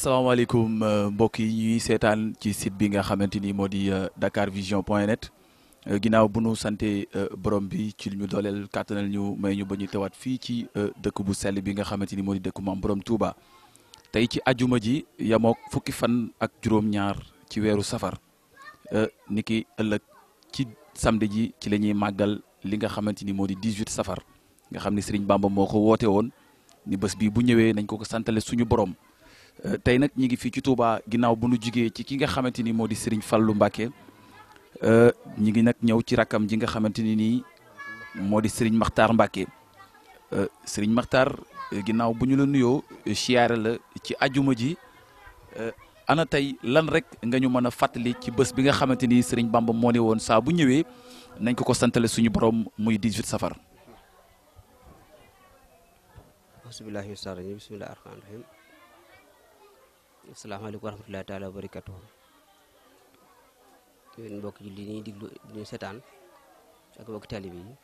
assalamu alaikum euh, yi ñuy seetaan ci site bi nga xamanteni modi dakarvision.net euh, ginaaw Dakar Vision point net euh, bu sante borom bi ci Brom ñu Taïti kàttanal ñu may ñu bañu ñu fi ci dekk bu sel bi nga xamanteni modi dekk borom Touba ci safar niki ki ci samedi ji ci lañuy magal li nga 18 safar nga xamni Serigne Bamba moko woté won ni bëss bi bu ñëwé nañ ko ko suñu Euh, tay nak ñi ngi fi ci Touba ginnaaw bu nu jugee ci ki nga xamanteni nyi nyau Serigne Fallou Mbacké euh, ñi ngi nak ñew ci rakam ji nga xamanteni ni modi Serigne Makhtar Mbacké euh, Serigne Makhtar ginnaaw bu ñu la nuyo siyaare la ci aljuma ji ana tay lan rek nga ñu mëna fatali ci bëss bi nga xamanteni Serigne Bamba mo ne won sa bu nañ ko ko santalé suñu borom muy 18 safar. asalaamaaleykum wa rahmatullahi taala wa barakatuh yéen mbokk julli ñuy diglu ñu seetaan ak mbokk taalibe yi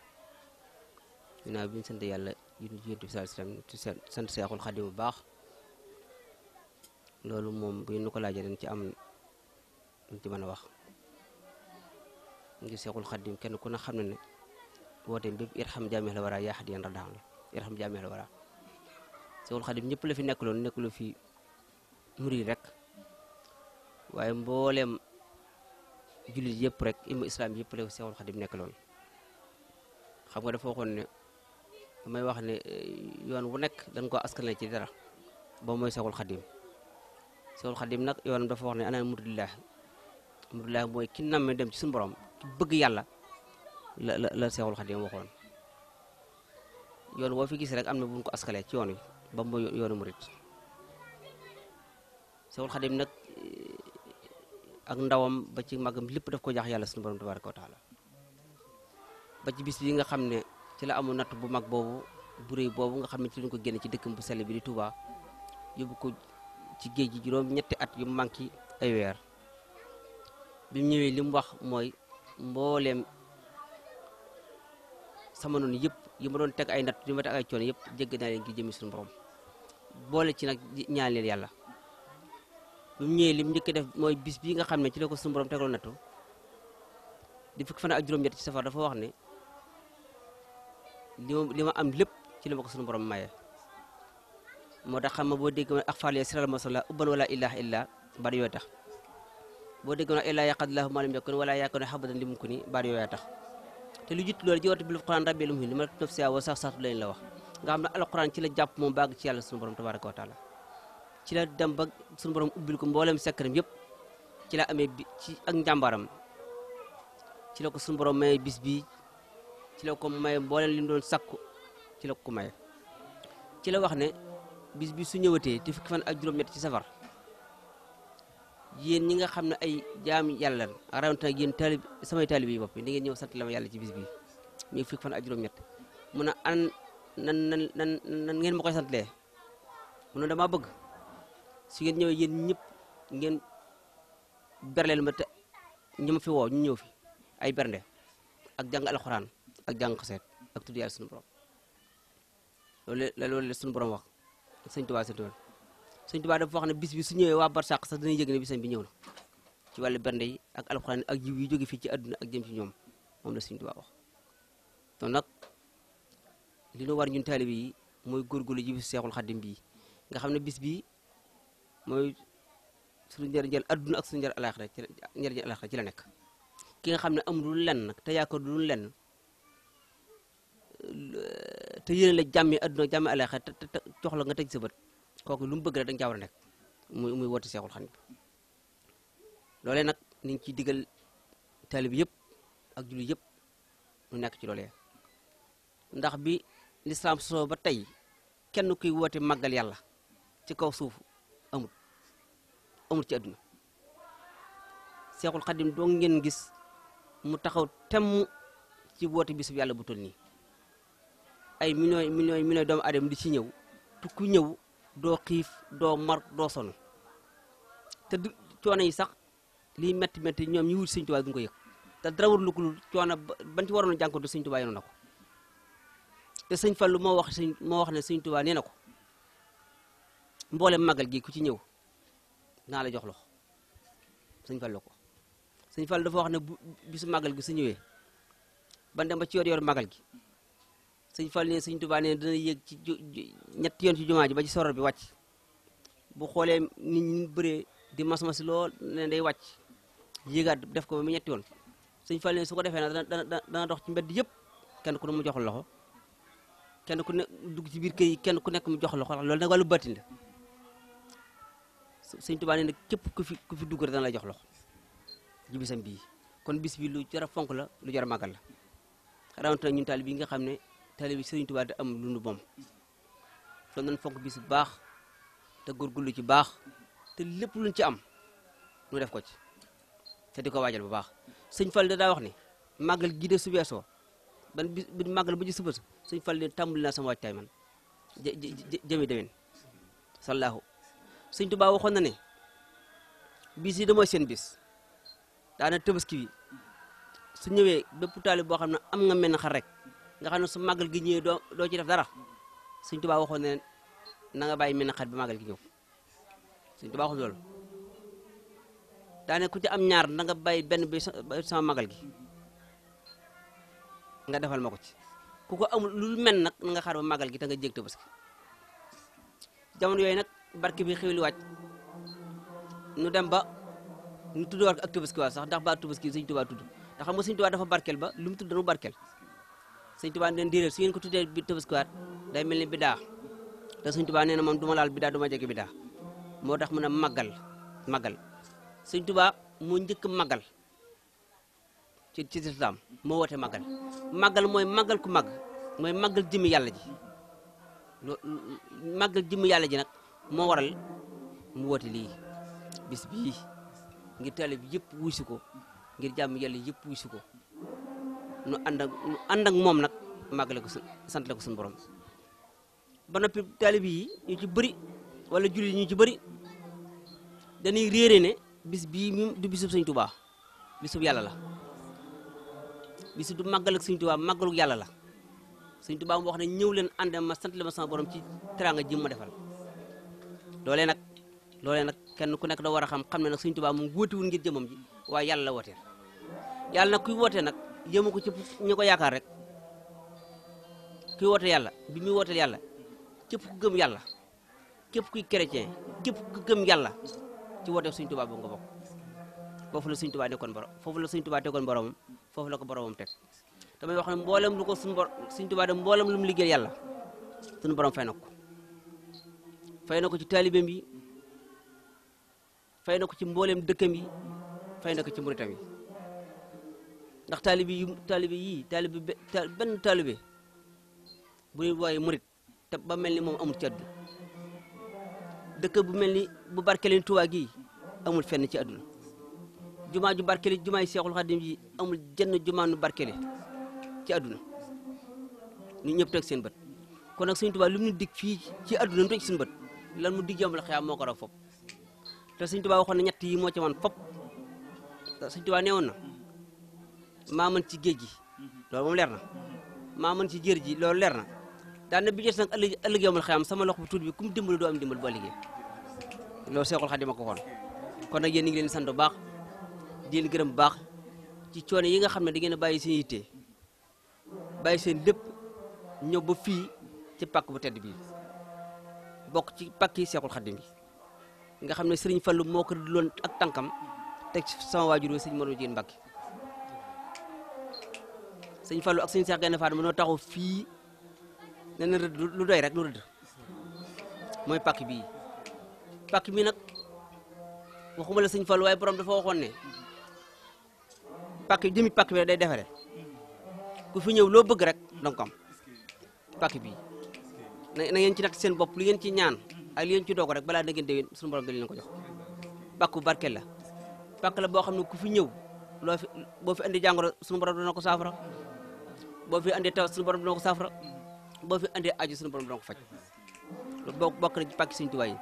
ginnaaw bi ñu sant yàlla yéen ci yéen bi sallallahu alayhi sant Seexul Xadim bu baax loolu moom bu ñu ko laajee dañ ci am dañ ci mën a wax ngir Seexul Xadim kenn ku ne xam ne ne woote bépp irham jaamih la wara yaa hadiyan radaan la irham jaamih la wara Seexul Xadim ñëpp la fi nekk loolu nekk lu fi tur yi rek waaye mbooleem jullit yëpp rek imma islam yëpp la Seexul Xadim nekk lool xam nga dafa waxoon ne damay wax ne eh, yoon wu nekk dañ koo askanale ci dara boobu mooy Seexul Xadim Seexul Xadim nag yoonam dafa wax ne ana muridillah muridillah mooy ki namme dem ci suñu borom ki bëgg yàlla la la la Seexul Xadim waxoon yoon woo fi gis rek am na bu ñu ko askalee ci yoon ba mu yoonu murit Sewul khadim nak eh, ak ndawam ba ci magam lepp daf ko jax yalla sunu borom tabaraka taala ba ci bis yi nga xamne ci la amu nat bu mag bobu bu reuy bobu nga xamne ci lu ko genn ci dekkum bu sel bi di Touba yóbbu ko ci géej gi ñetti at yu manki ay weer bi mu ñewé lim wax moy mbooleem sama non yëpp yu ma doon tek ay nat yu ma tek ay cion yëpp jégg na leen gi jëmi sunu borom bolé ci nak ñaanel yalla bi mu ñëwee lim njëkk def mooy bis bii nga xam ne ci la ko suñu borom tegaloo di fukki fan ak juróom-ñett ci safar dafa wax ne li ma am lépp ci la ma ko suñu borom maye. moo tax xam nga boo déggee ak faal ya siral masala ubban wala ilaha illa bari yooyu tax boo déggee ak illaa yaqadlahu ma lam yakun wala yakun habadan li mumkin bari yooyu tax te lu jiitu loolu jiwatu bil quran rabbil mu'min li ma nafsiha wa sax sax lañ la wax nga xam ne alquran ci la jàpp moom bàgg ci yàlla sunu borom tabaraka wa taala ci la dem ba suñu borom ubbil ko mboolem sekkaram yëpp ci la amee bi ci ak njàmbaram ci la ko suñu borom maye bis bi ci la ko maye mboolem li mu doon sakku ci la ko maye ci la wax ne bis bi su ñëwatee ti fukki fan ak juróom-ñett ci safar yéen ñi nga xam ne ay jaam yàlla rawatina yéen taalib samay taalib yi bopp da ngeen ñëw sant la ma yàlla ci bis bi mi fukki ak juróom mu ne an nan nan nan ngeen ma koy santlee mu ne damaa bëgg su ngeen ñëwee yéen ñëpp ngeen berleel ma te ñi ma fi woo ñëw fi ay bernde ak jàng alxuraan ak jàng xaseet ak tudd yàlla suñu borom loolu la loolu la wax sëñ Tuubaa sëñ Tuubaa sëñ Tuubaa dafa wax ne bis bi su ñëwee waa barsàq sax dinañ yëg ne bisam bi ñëw na ci wàllu bernde ak alxuraan ak jiw yi jóge fii ci àdduna ak jëm ci ñoom moom la sëñ Tuubaa wax kon nag li ñu war ñun taalibe mooy góorgóorlu ji Seexul Xaddim bii nga xam ne bis moy suñu njëriñal aduna ak suñu njëriñ alaxira ci njëriñ alaxira ci la nek ki nga xamne ne amul lu lenn nag te yaakaar lu len eh, te yene la jàmmi aduna ak jàmmi te jox la nga tej sa bët lu mu bëgg rek da nga wara nek muy muy wote cheikhul xan lolé nak ni ngi ciy digal taalib yëpp ak julli yépp mu nek ci lolé ndax bi l'islam so ba tay kenn kuy wote magal yalla ci kaw suufu amul amul ci àdduna seexul xadim doo ngeen gis mu taxaw temm ci woote biss yàlla bu toll nii ay millions million millions doomu aadama di ci ñëw tu ku ñëw doo xiif doo mar doo sonn te du coono yi sax liy métti métti ñoom ñu wut Sëñ Tuubaa duñ ko yëg te dara warul ko coono ban ci waroon a jànkuwut Sëñ Tuubaa yoon na ko te Sëñ Fallu moo wax Sëñ moo wax ne Sëñ Tuubaa nee na ko mboole magal gi ku ci ñëw naa la jox loxo sëñ Fallu ko sëñ Fallu dafa wax ne bu bisu magal gi su ñëwee ban dem ba ci yor-yor magal gi sëñ Fallu ne sëñ Tuubaa ne dana yéeg ci ñetti yoon ci jumaa ji ba ci soror bi wàcc bu xoolee nit ñi bëree di mas-mas lool ne day wàcc yéegaat def ko ba mu ñetti yoon sëñ Fallu ne su ko defee nag dana dox ci mbedd yëpp kenn ku ne mu jox loxo kenn ku dug ci biir kër yi kenn ku nekk mu jox loxo loolu nag wàllu baatin la. sëñ Tuubaa ni na képp ku fi ku fi dugg la jox loxo ji bi kon bis bi lu jara fong fonk la lu jar la, kara la rawatina ñun taalib yi nga kam ne taalib bi sëriñ Tuubaa da am lu nu moom kon nañ fonk bis ba, baax te gulu ci baax te lépp luñ ci am nu def ko ci di ko bu baax sëñ Fall da wax ni gi de su aso, ban bis bi bu ci suba sëñ Fall ne tam naa sama waajtaay man jëmi dewen sallahu sëñ Tuubaa waxoon na ne bis yi damooy seen bis daane tabaski su ñëwee bépp taalib boo xam ne am nga menn xar rek nga xam ne su màggal gi ñëwee doo doo ci def dara sëñ Tuubaa waxoon na ne na nga bàyyi bi màggal gi ñëw sëñ Tuubaa waxoon loolu daane ku ci am ñaar na bay benn bi sama màggal gi nga defal ma ko ci ku ko amul lu mel nag na nga xaar ba màggal gi te nga jég tabaski jamono yooyu nag barke bi xewli wàcc nu dem ba nu tuddee ak Tabaski sax ndax ba Tabaski Sëñ Tuubaa tudd ndax xam Sëñ Tuubaa dafa barkel ba lu mu tudd dañu barkel Sëñ Tuubaa nee na déedéet su ngeen ko tuddee bi day mel ni bidaa te Sëñ Tuubaa nee na moom du laal bidaa du ma jege bidaa moo tax mu ne màggal màggal Sëñ Tuubaa moo njëkk màggal ci ci lislaam moo woote màggal màggal mooy màggal ku màgg mooy màggal jëmmi yàlla ji màggal jëmmi yàlla ji nag mo waral mu wote li bis bi ngir talib yep wusiko ngir jam yalla yep wusiko nu andak ak nu ànd ak moom nag ko sante ko sun borom ba nopi talib yi ñu ci bari wala julli ñu ci bari dañuy ne bis bi du bisub seigne touba bisub yalla la bisu du màggal ak sëñ Tuubaa màggaluk yàlla la seigne touba mo wax ne ñew leen ànd ma sant ma sama borom ci teranga jimu defal loolee nag loolee nag kenn ku nekk da war a xam xam ne nag Sëñ Tuubaa moom wóotiwul ngir jëmam ji waaye yàlla la woote yàlla nag kuy woote nag jëmu ko ci ñi ko yaakaar rek kuy woote yàlla bi muy wooteel yàlla képp ku gëm yàlla képp kuy chrétien képp ku gëm yàlla ci woote Sëñ Tuubaa boobu nga bokk foofu la Sëñ Tuubaa nekkoon borom foofu la Sëñ Tuubaa tegoon boromam foofu la ko boromam teg damay wax ne mboolem lu ko suñu bor Sëñ Tuubaa de mboolem lu mu liggéey yàlla suñu borom fay na ko fay na ko ci taalibeem yi fay na ko ci mbooleem dëkkam yi fay na ko ci muritam yi ndax taalibe yi taalibe yii taalibe benn taalibe bu ñuy waaye murit te ba mel ni moom amul ci àdduna dëkk bu mel ni bu barkeleen Tuubaa gii amul fenn ci àdduna jumaa ju barkeli jumaa yi Seexul Xadim ji amul jenn jumaa nu barkeli ci àdduna ñu ñëpp teg seen bët kon nag Sëñ Tuubaa lu mu ñu dig fii ci àdduna ñu teg seen bët lan mu dig yombal xiyaam moo ko raw fop te sëñ Tuubaa waxoon na ñett yii moo ci man fop sëñ Tuubaa nee woon na maa mën ci géej gi loolu moom leer na maa man ci jër ji loolu leer na daan na bi jot nag ëllëg ëllëg yombal xiyaam sama loxo bu tuut bi ku mu dimbali doo am dimbal boo liggéey loolu Seexul ko xoon kon nag yéen ñu ngi leen sant bu baax di leen gërëm bu baax ci coono yi nga xam ne da ngeen a bàyyi seen yitte bàyyi seen lépp ñëw ba fii ci pàkk bu bokk ci pakki Seexul Xaddim bi nga xam ne Serigne Fallou moo ko loon ak tànkam teg ci sama waajur wi Serigne Modou Dieng Mbacké Serigne Fallou ak Serigne Cheikh Gaïndé Fatma noo taxaw fii nee na rëdd lu doy rek lu rëdd mooy pakk bi pakk bi nag waxuma la Serigne Fallou waaye borom dafa waxoon ne pakk jëmi pakk bi day defare ku fi ñëw loo bëgg rek danga ko am na ngeen ci nag seen bopp lu ngeen ci ñaan ak li ngeen ci rek bala na ngeen déwén suñu borom dañ leen ko jox bakku barkel la bak la bo xam ku fi ñew lo fi bo fi andi jangoro suñu borom dana ko safra bo fi andi taw suñu borom dana ko safra bo fi andi aju suñu borom dana ko fajj lu bok bok na ci pàkki Sëñ yi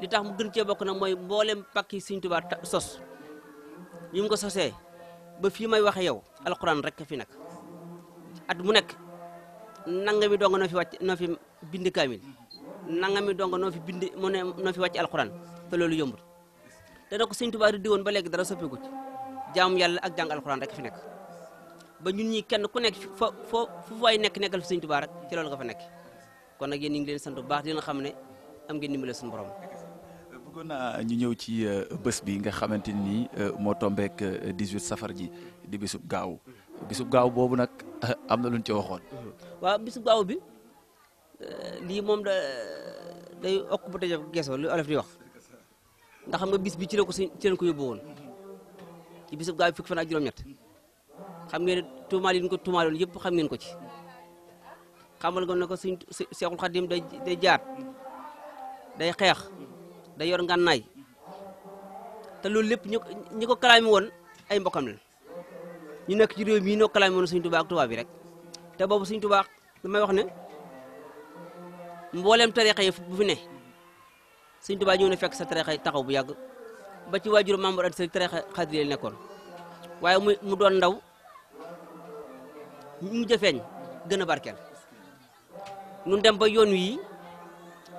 li tax mu gën ci bok nag moy mboolem pakki seigne touba sos ñi ko sosé ba fi may waxe yow alquran rek fi nak at mu nek nangami dong no fi wacc no fi bind kaamil nangami donga noo fi bind mu ne noo fi wàcc alxuraan te loolu yombut te na ko sëñ Tuubaa di woon ba léegi dara soppeeku ci jaamu yàlla ak jàng alxuraan rek fi nekk ba ñun ñi kenn ku nekk fo fo fu waay nekk nekkal fi sëñ Tuubaa rek ci loolu fa nekk kon nag yéen ñu ngi leen sant bu baax di leen xam ne am ngeen dimbale suñu borom. bëggoon naa ñu ñëw ci euh, bés bi nga xamante ni euh, moo tombeek 18 euh, safar ji di bisub gaaw bisub gaaw boobu nag am na luñ ci waxoon. waaw bisub gaaw bi. li mom da day okk bu tëjee geesoo lu olof di wax ndax xam nga bis bi ci lako ci leen ko yóbbu woon ci bisub gaay fukki fana djuroom ñet xam ngeen ne yi ñu ko tuumaaloon yépp xam ngeen ko ci xamal nga nako cheikhul khadim day day jaar day xex day yor ngànnaay te lool lepp ñi ko kalaami won ay mbokam la ñu nek ci rew mi noo kalaami won seigne touba ak touba bi rek te bobu seigne touba damay wax ne mboolem tarixa yi bu fi ne sëñ Tuubaa ñëw na fekk sa tarixa yi taxaw bu yàgg ba ci waajur membre at sëriñ tarixa xaadir yi nekkoon waaye mu doon ndaw mu jëfeeñ gën a barkeel nun dem ba yoon wi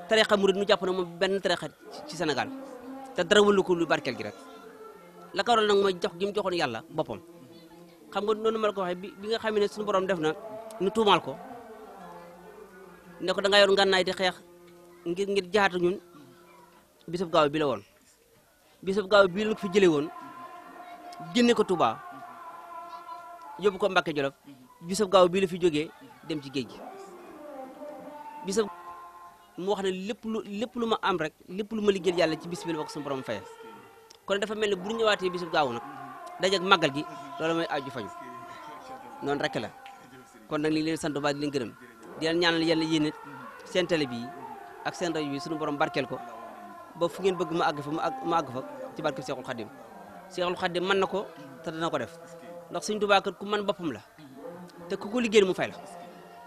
tarixa murid nu jàpp na moom benn tarixa ci Sénégal te dara wëllu ko lu barkeel gi rek la ko waral nag mooy jox gi mu joxoon yàlla boppam xam nga noonu ma la ko waxee bi nga xam ne suñu borom def na nu tuumaal ko ne ko da nga yor ngannaay di xex ngir ngir jaatu ñun bisab gaaw bi la won bisab gaaw bi lu fi jele won jinne ko tuba yob ko Mbacke Jolof bisab gaaw bi lu fi joge dem ci géej gi mu wax ne lu lepp lu ma am rek lepp lu ma liggéeyal yalla ci bis bi sun borom fay kon dafa melni bu ñu ñëwaatee gaaw nak dajje ak magal gi lolu aaju fañu non rek la kon nak li leen sant ba di leen gëreem di leen ñaanal yàlla yéen it seen télé bii ak seen bi suñu borom barkeel ko ba fu ngeen bëgg ma àgg fa ma àgg fa ci barkeb Seexul Xaddim Seexul Xaddim mën na ko te dana ko def ndax Sëñ Tuubaa kat ku mën boppam la te ku ko liggéeyal mu fay la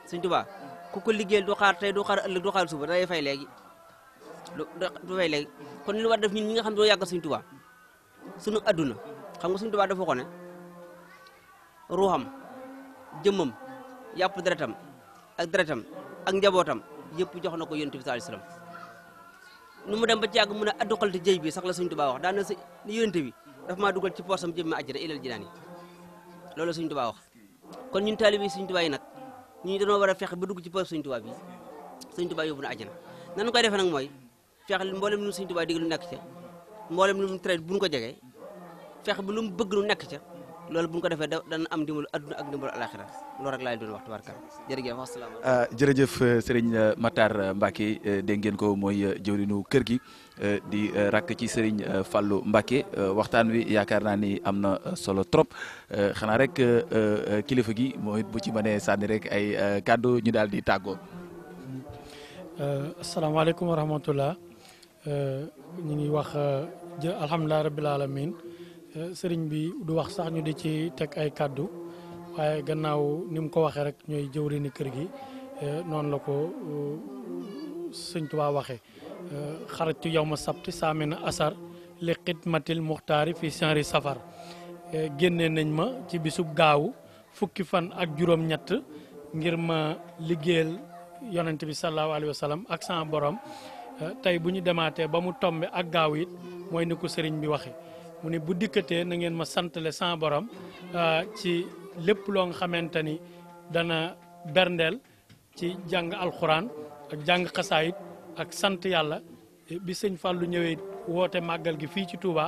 Sëñ Tuubaa ku ko liggéeyal do xaar tey do xaar ëllëg du xaar suba day fay léegi du fay léegi kon li war def ñun ñi nga xam ne doo yàggal Sëñ Tuubaa sunu adduna xam nga Sëñ Tuubaa dafa ko ne ruuxam jëmmam yàpp deretam ak deretam ak njabootam yëpp jox na ko yonent bi sallallahu alayhi wasallam mu dem ba ci yàgg mu ne adduqal te jëy bi sax la Sëriñ Tuubaa wax daana sa yonent bi dafa maa dugal ci poosam jëm ma àjjana ilal jinaan yi loolu la Sëriñ Tuubaa wax kon ñun taalibe Sëriñ Tuubaa yi nag ñu dañoo war a fexe ba dugg ci poos Sëriñ Tuubaa a Sëriñ Tuubaa yóbbu na àjjana nan koy defee nag mooy fexe mboolem lu Sëriñ Tuubaa digal lu nekk ca mu traité bu ñu ko jegee bi lu bëgg lu nekk ca loolu bu ñu ko defee dana am ndimbalu adduna ak ndimbalu alaxira loolu rek laay doon wax tubarkal jërëjëf asalaamaaleykum. Euh, jërëjëf euh, sëriñ euh, Matar Mbacke dégg ko mooy jëwriñu kër gi di rakk ci sëriñ fallu mbaki waxtaan wi yaakaar naa ni am na solo trop xanaa rek kilifa gi mooy bu ci mënee sànni rek ay kàddu ñu daal di tàggoo. asalaamaaleykum wa rahmatulah ñu ngi wax jë alhamdulilah alamin sëriñ bi du wax sax ñu di ci teg ay kàddu waaye gannaaw ni mu ko waxee rek ñooy jëwriñu kër gi eh, noonu la ko eh, sëñ Tuubaa waxee eh, xarajtu yawma sabti saamina asar li xidmatil muxtaari fi chenri safar génne nañ ma ci bisub gaaw fukki fan ak juróom-ñett ngir ma liggéeyal yonent bi sallallahu alayhi wa ak sama borom tey bu ñu demaatee ba mu tombe ak gaaw it mooy ni ko sëriñ bi waxee mu ne bu dikkatee na ngeen ma santale sans borom euh, ci lépp loo nga xamante ni dana berndeel ci jàng alxuraan ak jàng xasaayit ak sant yàlla bi sëñ Fallou ñëwee woote màggal gi fii ci Touba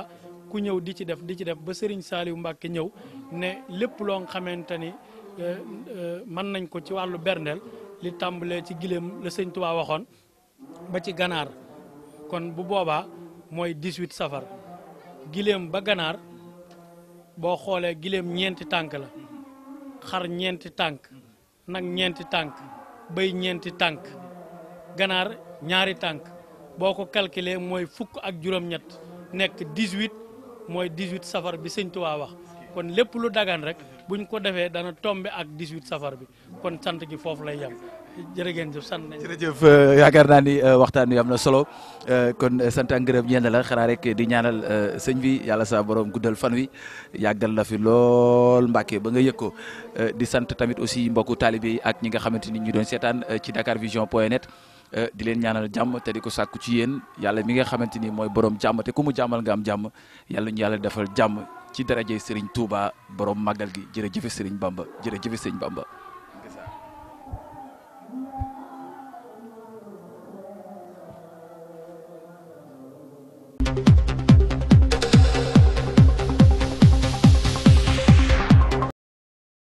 ku ñëw di ci def di ci def ba Serigne Saliou Mbacke ñëw ne lépp loo nga xamante ni euh, euh, mën nañ ko ci wàllu berndeel li tàmbalee ci gileem la sëñ Touba waxoon ba ci ganaar kon bu boobaa mooy 18 safar. giléem ba ganaar boo xoolee giléem ñeenti tànk la xar ñeenti tànk nag ñeenti tànk béy ñeenti tànk ganaar ñaari tànk boo ko calculer mooy fukk ak juróom-ñett nekk 18 mooy 18 safar bi sëñ Tuubaa wax kon lépp lu dagan rek buñ ko defee dana tombe ak 18 safar bi kon sant gi foofu lay yem jërëjëf sant nañu jërëjëf euh, yaakaar naa ni euh, waxtaan wi am na solo euh, kon sant ak ngërëm ñeent xanaa rek di ñaanal sëñ bi yàlla sax borom guddal fan wi yàggal la fi lool mbake ba nga yëg ko di sant tamit aussi mbokku taalibe yi ak ñi nga xamante ni ñu doon seetaan ci dakarvision.net di leen ñaanal jàmm te di ko sàkku ci yéen yàlla mi nga xamante ni mooy borom jàmm te ku mu jàmmal nga am jàmm yàlla ñu yàlla defal jàmm ci daraje Serigne Touba borom màggal gi jërëjëf Serigne Bamba jërëjëf Serigne Bamba.